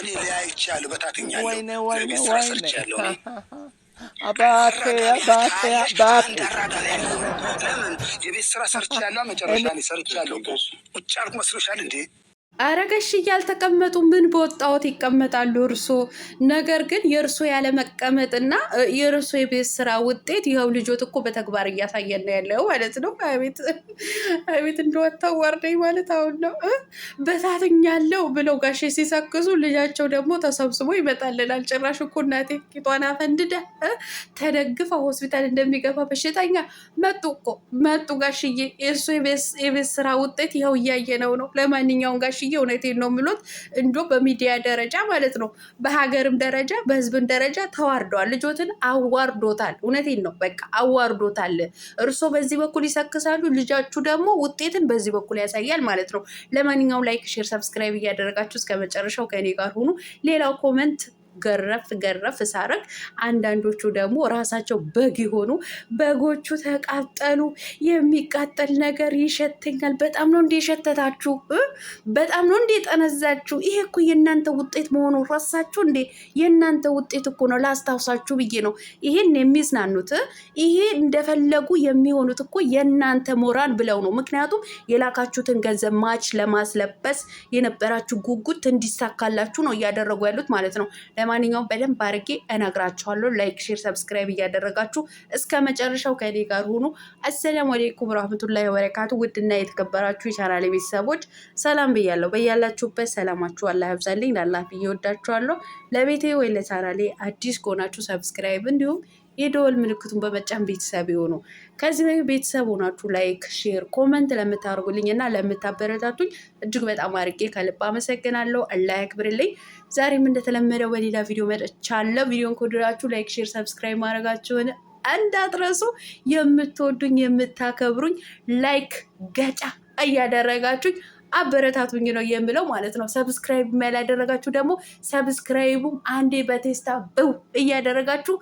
እኔ ሊያይቻለሁ በታትኛለሁ ለቤት ስራ ሰርቻለሁ። አባቴ አባቴ አባቴ ለምን የቤት ስራ ሰርቻለሁ። መጨረሻ ሰርቻለሁ። ቁጭ አልኩ መስሎሻል እንዴ? አረገሽ እያልተቀመጡ ምን በወጣዎት ይቀመጣሉ እርሶ። ነገር ግን የእርሶ ያለመቀመጥና የእርሶ የቤት ስራ ውጤት ይኸው ልጆት እኮ በተግባር እያሳየን ነው ያለው ማለት ነው። ቤት እንደወጣው ወርደኝ ማለት አሁን ነው በታትኛለው ብለው ጋሼ ሲሰክሱ ልጃቸው ደግሞ ተሰብስቦ ይመጣልናል። ጭራሽ እኮ እናቴ ቂጧን አፈንድደ ተደግፈ ሆስፒታል እንደሚገባ በሽተኛ መጡ እኮ መጡ ጋሽዬ። የእርሶ የቤት ስራ ውጤት ይኸው እያየ ነው ነው። ለማንኛውም ጋሽ ውዶችዬ እውነቴን ነው የሚሉት እንዶ በሚዲያ ደረጃ ማለት ነው፣ በሀገርም ደረጃ በህዝብን ደረጃ ተዋርደዋል። ልጆትን አዋርዶታል። እውነቴን ነው በቃ አዋርዶታል። እርሶ በዚህ በኩል ይሰክሳሉ፣ ልጃችሁ ደግሞ ውጤትን በዚህ በኩል ያሳያል ማለት ነው። ለማንኛውም ላይክ፣ ሼር፣ ሰብስክራይብ እያደረጋችሁ እስከ መጨረሻው ከእኔ ጋር ሁኑ። ሌላው ኮመንት ገረፍ ገረፍ ሳረግ፣ አንዳንዶቹ ደግሞ ራሳቸው በግ የሆኑ በጎቹ ተቃጠሉ። የሚቃጠል ነገር ይሸተኛል። በጣም ነው እንዴ የሸተታችሁ፣ በጣም ነው እንዴ የጠነዛችሁ። ይሄ እኮ የእናንተ ውጤት መሆኑ ረሳችሁ እንዴ? የእናንተ ውጤት እኮ ነው። ላስታውሳችሁ ብዬ ነው ይሄን የሚዝናኑት። ይሄ እንደፈለጉ የሚሆኑት እኮ የእናንተ ሞራል ብለው ነው። ምክንያቱም የላካችሁትን ገንዘብ ማች ለማስለበስ የነበራችሁ ጉጉት እንዲሳካላችሁ ነው እያደረጉ ያሉት ማለት ነው። ለማንኛውም በደንብ አድርጌ እነግራችኋለሁ። ላይክ፣ ሼር፣ ሰብስክራይብ እያደረጋችሁ እስከ መጨረሻው ከኔ ጋር ሆኑ። አሰላሙ አሌይኩም ረህመቱላሂ ወበረካቱ። ውድና የተከበራችሁ የቻናሌ ቤተሰቦች ሰላም ብያለሁ። በያላችሁበት ሰላማችሁ አላህ ያብዛልኝ። ላላፍ እየወዳችኋለሁ። ለቤቴ ወይ ለቻናሌ አዲስ ከሆናችሁ ሰብስክራይብ እንዲሁም የደወል ምልክቱን በመጫን ቤተሰብ የሆኑ ከዚህ በፊት ቤተሰብ ሆናችሁ ላይክ፣ ሼር፣ ኮመንት ለምታደርጉልኝ እና ለምታበረታቱኝ እጅግ በጣም አድርጌ ከልብ አመሰግናለሁ። አላህ ያክብርልኝ። ዛሬም እንደተለመደው በሌላ ቪዲዮ መጥቻለሁ። ቪዲዮን ከወደዳችሁ ላይክ፣ ሼር፣ ሰብስክራይብ ማድረጋችሁን እንዳትረሱ። የምትወዱኝ የምታከብሩኝ ላይክ ገጫ እያደረጋችሁኝ አበረታቱኝ ነው የምለው ማለት ነው። ሰብስክራይብ ያላደረጋችሁ ደግሞ ሰብስክራይቡ አንዴ በቴስታ ብው እያደረጋችሁ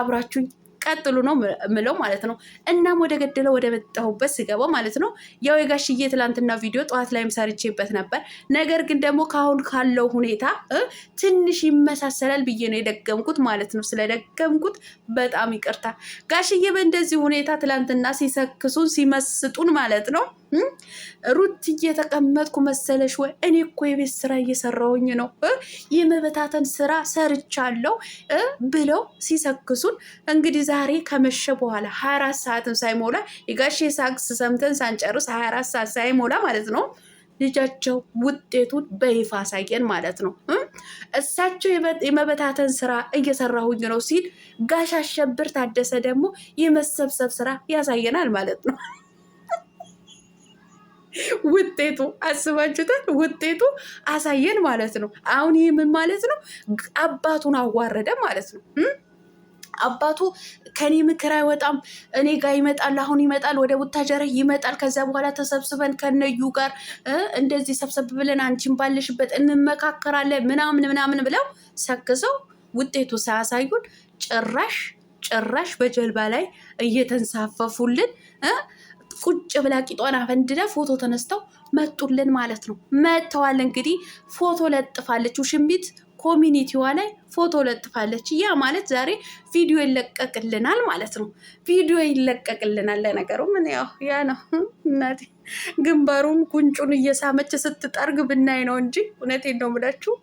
አብራችሁኝ ቀጥሉ ነው ምለው ማለት ነው። እናም ወደ ገደለው ወደ መጣሁበት ስገባ ማለት ነው ያው የጋሽዬ ትላንትና ቪዲዮ ጠዋት ላይም ሰርቼበት ነበር። ነገር ግን ደግሞ ከአሁን ካለው ሁኔታ ትንሽ ይመሳሰላል ብዬ ነው የደገምኩት ማለት ነው። ስለደገምኩት በጣም ይቅርታ ጋሽዬ። በእንደዚህ ሁኔታ ትላንትና ሲሰክሱን ሲመስጡን ማለት ነው ሩት እየተቀመጥኩ መሰለሽ ወይ? እኔ እኮ የቤት ስራ እየሰራውኝ ነው፣ የመበታተን ስራ ሰርቻለሁ ብለው ሲሰክሱን፣ እንግዲህ ዛሬ ከመሸ በኋላ ሀያ አራት ሰዓትም ሳይሞላ የጋሼ ሳቅስ ሰምተን ሳንጨርስ ሀያ አራት ሰዓት ሳይሞላ ማለት ነው ልጃቸው ውጤቱን በይፋ አሳየን ማለት ነው። እሳቸው የመበታተን ስራ እየሰራሁኝ ነው ሲል ጋሽ አሸብር ታደሰ ደግሞ የመሰብሰብ ስራ ያሳየናል ማለት ነው። ውጤቱ አስባችሁታል? ውጤቱ አሳየን ማለት ነው። አሁን ይህ ምን ማለት ነው? አባቱን አዋረደ ማለት ነው። አባቱ ከኔ ምክር አይወጣም፣ እኔ ጋር ይመጣል። አሁን ይመጣል፣ ወደ ቡታጀራ ይመጣል። ከዛ በኋላ ተሰብስበን ከነዩ ጋር እንደዚህ ሰብሰብ ብለን አንቺን ባለሽበት እንመካከራለን ምናምን ምናምን ብለው ሰክሰው ውጤቱ ሳያሳዩን ጭራሽ ጭራሽ በጀልባ ላይ እየተንሳፈፉልን ቁጭ ብላ ቂጧን አፈንድዳ ፎቶ ተነስተው መጡልን ማለት ነው። መጥተዋል እንግዲህ ፎቶ ለጥፋለች ውሽሚት ኮሚኒቲዋ ላይ ፎቶ ለጥፋለች። ያ ማለት ዛሬ ቪዲዮ ይለቀቅልናል ማለት ነው። ቪዲዮ ይለቀቅልናል። ለነገሩ ምን ያው ያ ነው እናቴ ግንባሩም ጉንጩን እየሳመች ስትጠርግ ብናይ ነው እንጂ እውነቴን ነው የምላችሁ።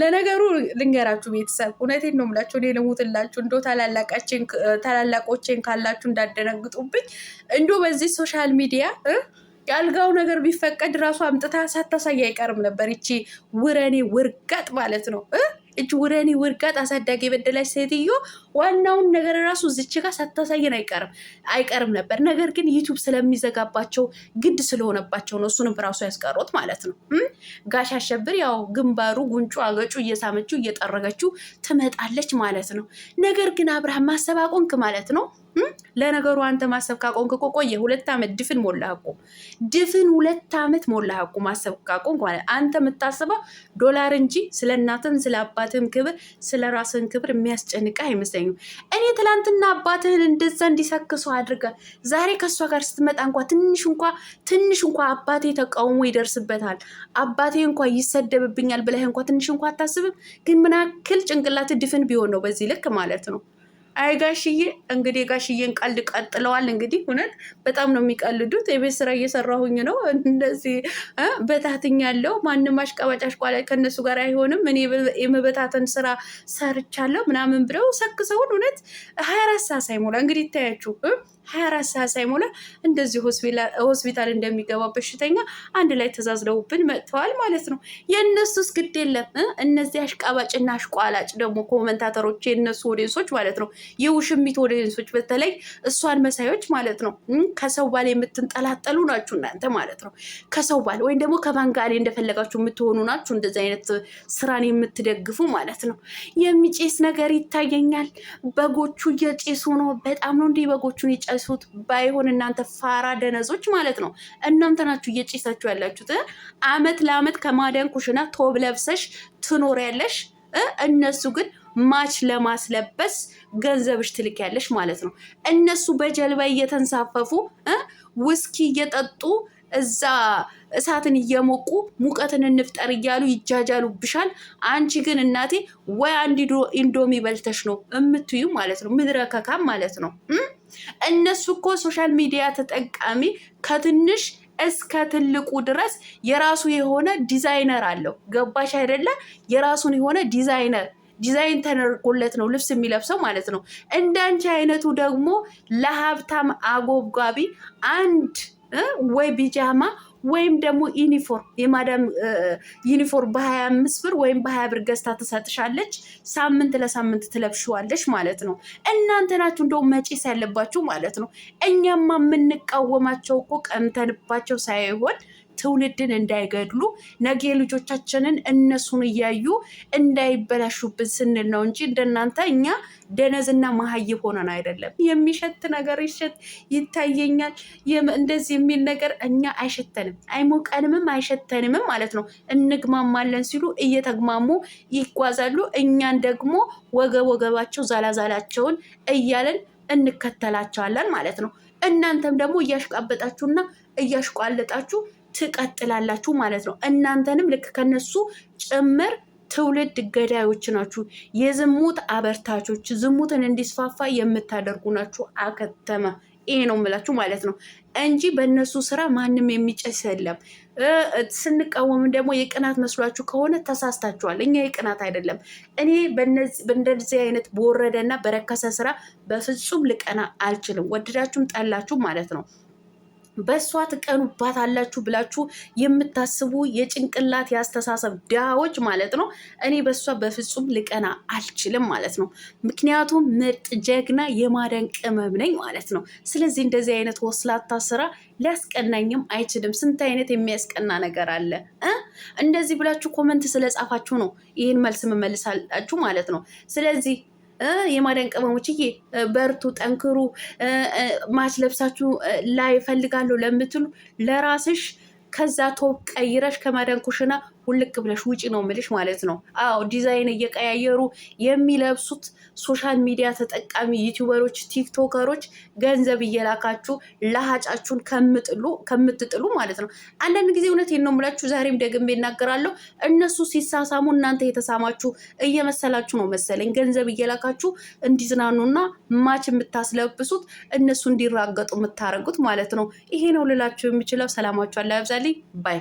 ለነገሩ ልንገራችሁ ቤተሰብ እውነቴን ነው የምላችሁ። እኔ ልሙትላችሁ እንዶ ታላላቆቼን ካላችሁ እንዳደነግጡብኝ እንዶ በዚህ ሶሻል ሚዲያ የአልጋው ነገር ቢፈቀድ ራሱ አምጥታ ሳታሳይ አይቀርም ነበር። ይቺ ውረኔ ውርጋጥ ማለት ነው። እጅ ውረኔ ውርጋት አሳዳጊ የበደላች ሴትዮ ዋናውን ነገር ራሱ ዝች ጋር ሳታሳየን አይቀርም አይቀርም ነበር። ነገር ግን ዩቱብ ስለሚዘጋባቸው ግድ ስለሆነባቸው ነው እሱንም ራሱ ያስቀሮት ማለት ነው። ጋሽ አሸብር ያው ግንባሩ፣ ጉንጩ፣ አገጩ እየሳመችው እየጠረገችው ትመጣለች ማለት ነው። ነገር ግን አብርሃም ማሰብ ማለት ነው። ለነገሩ አንተ ማሰብ ካቆንክ እኮ ቆየ ሁለት ዓመት ድፍን ሞላህ እኮ ድፍን ሁለት ዓመት ሞላህ እኮ ማሰብ ካቆንክ ማለት አንተ የምታስበው ዶላር እንጂ ስለ እናትህም ስለ አባትህም ክብር ስለ ራስህን ክብር የሚያስጨንቅህ አይመስለኝም። እኔ ትላንትና አባትህን እንደዛ እንዲሰክሱ አድርገህ ዛሬ ከእሷ ጋር ስትመጣ እንኳ ትንሽ እንኳ ትንሽ እንኳ አባቴ ተቃውሞ ይደርስበታል፣ አባቴ እንኳ ይሰደብብኛል ብለህ እንኳ ትንሽ እንኳ አታስብም። ግን ምናክል ጭንቅላት ድፍን ቢሆን ነው በዚህ ልክ ማለት ነው። አይ ጋሽዬ እንግዲህ ጋሽዬን ቀልድ ቀጥለዋል። እንግዲህ እውነት በጣም ነው የሚቀልዱት። የቤት ስራ እየሰራሁኝ ነው እንደዚህ በታትኝ ያለው ማንም አሽቃባጭ አሽቋላ ከእነሱ ጋር አይሆንም። እኔ የመበታተን ስራ ሰርቻለሁ ምናምን ብለው ሰክሰውን እውነት ሀያ አራት ሰዓት ሳይሞላ እንግዲህ ይታያችሁ ሀያ አራት ሰዓት ሳይሞላ እንደዚህ ሆስፒታል እንደሚገባ በሽተኛ አንድ ላይ ተዛዝለውብን መጥተዋል ማለት ነው። የእነሱስ ግድ የለም። እነዚህ አሽቃባጭና አሽቋላጭ ደግሞ ኮመንታተሮች የእነሱ ወዴሶች ማለት ነው የውሽሚት ኦዲየንሶች በተለይ እሷን መሳዮች ማለት ነው። ከሰው ባል የምትንጠላጠሉ ናችሁ እናንተ ማለት ነው። ከሰው ባል ወይም ደግሞ ከባንጋሌ እንደፈለጋችሁ የምትሆኑ ናችሁ። እንደዚህ አይነት ስራን የምትደግፉ ማለት ነው። የሚጭስ ነገር ይታየኛል። በጎቹ እየጨሱ ነው። በጣም ነው እንዲህ በጎቹን የጨሱት። ባይሆን እናንተ ፋራ ደነዞች ማለት ነው። እናንተ ናችሁ እየጨሳችሁ ያላችሁት። አመት ለአመት ከማዳን ኩሽና ቶብ ለብሰሽ ያለሽ እነሱ ግን ማች ለማስለበስ ገንዘብሽ ትልኪያለሽ ማለት ነው። እነሱ በጀልባ እየተንሳፈፉ ውስኪ እየጠጡ እዛ እሳትን እየሞቁ ሙቀትን እንፍጠር እያሉ ይጃጃሉብሻል። አንቺ ግን እናቴ ወይ አንድ ኢንዶሚ በልተሽ ነው እምትዩ ማለት ነው። ምድረከካም ማለት ነው። እነሱ እኮ ሶሻል ሚዲያ ተጠቃሚ ከትንሽ እስከ ትልቁ ድረስ የራሱ የሆነ ዲዛይነር አለው። ገባሽ አይደለ? የራሱን የሆነ ዲዛይነር ዲዛይን ተደርጎለት ነው ልብስ የሚለብሰው ማለት ነው። እንዳንቺ አይነቱ ደግሞ ለሀብታም አጎብጋቢ አንድ ወይ ቢጃማ ወይም ደግሞ ዩኒፎርም የማዳም ዩኒፎርም በሀያ አምስት ብር ወይም በሀያ ብር ገዝታ ትሰጥሻለች። ሳምንት ለሳምንት ትለብሽዋለች ማለት ነው። እናንተ ናችሁ እንደው መጪስ ያለባችሁ ማለት ነው። እኛማ የምንቃወማቸው እኮ ቀምተንባቸው ሳይሆን ትውልድን እንዳይገድሉ ነገ ልጆቻችንን እነሱን እያዩ እንዳይበላሹብን ስንል ነው እንጂ እንደናንተ እኛ ደነዝና መሀይብ ሆነን አይደለም። የሚሸት ነገር ይሸት ይታየኛል እንደዚህ የሚል ነገር እኛ አይሸተንም፣ አይሞቀንምም፣ አይሸተንምም ማለት ነው። እንግማማለን ሲሉ እየተግማሙ ይጓዛሉ። እኛን ደግሞ ወገብ ወገባቸው ዛላዛላቸውን እያለን እንከተላቸዋለን ማለት ነው። እናንተም ደግሞ እያሽቃበጣችሁና እያሽቋለጣችሁ ትቀጥላላችሁ ማለት ነው። እናንተንም ልክ ከነሱ ጭምር ትውልድ ገዳዮች ናችሁ፣ የዝሙት አበርታቾች፣ ዝሙትን እንዲስፋፋ የምታደርጉ ናችሁ። አከተመ። ይሄ ነው የምላችሁ ማለት ነው እንጂ በእነሱ ስራ ማንም የሚጨስ የለም። ስንቃወም ደግሞ የቅናት መስሏችሁ ከሆነ ተሳስታችኋል። እኛ የቅናት አይደለም። እኔ በእንደዚህ አይነት በወረደና በረከሰ ስራ በፍጹም ልቀና አልችልም፣ ወደዳችሁም ጠላችሁ ማለት ነው። በእሷ ትቀኑባታላችሁ ብላችሁ የምታስቡ የጭንቅላት የአስተሳሰብ ድሃዎች ማለት ነው። እኔ በእሷ በፍጹም ልቀና አልችልም ማለት ነው። ምክንያቱም ምርጥ ጀግና የማዳን ቅመም ነኝ ማለት ነው። ስለዚህ እንደዚህ አይነት ወስላታ ስራ ሊያስቀናኝም አይችልም። ስንት አይነት የሚያስቀና ነገር አለ እንደዚህ ብላችሁ ኮመንት ስለጻፋችሁ ነው ይህን መልስ መመልሳላችሁ ማለት ነው። ስለዚህ የማዳን ቅመሞችዬ በርቱ፣ ጠንክሩ። ማች ለብሳችሁ ላይ ፈልጋለሁ ለምትሉ ለራስሽ ከዛ ቶፕ ቀይረሽ ከማዳን ኩሽና ውልቅ ብለሽ ውጪ ነው ምልሽ ማለት ነው። አዎ ዲዛይን እየቀያየሩ የሚለብሱት ሶሻል ሚዲያ ተጠቃሚ ዩቲዩበሮች፣ ቲክቶከሮች ገንዘብ እየላካችሁ ለሀጫችሁን ከምትጥሉ ማለት ነው። አንዳንድ ጊዜ እውነት ነው የምላችሁ፣ ዛሬም ደግሜ እናገራለሁ። እነሱ ሲሳሳሙ እናንተ የተሳማችሁ እየመሰላችሁ ነው መሰለኝ። ገንዘብ እየላካችሁ እንዲዝናኑና ማች የምታስለብሱት እነሱ እንዲራገጡ የምታደርጉት ማለት ነው። ይሄ ነው ልላችሁ የምችለው። ሰላማችሁ አላ ባይ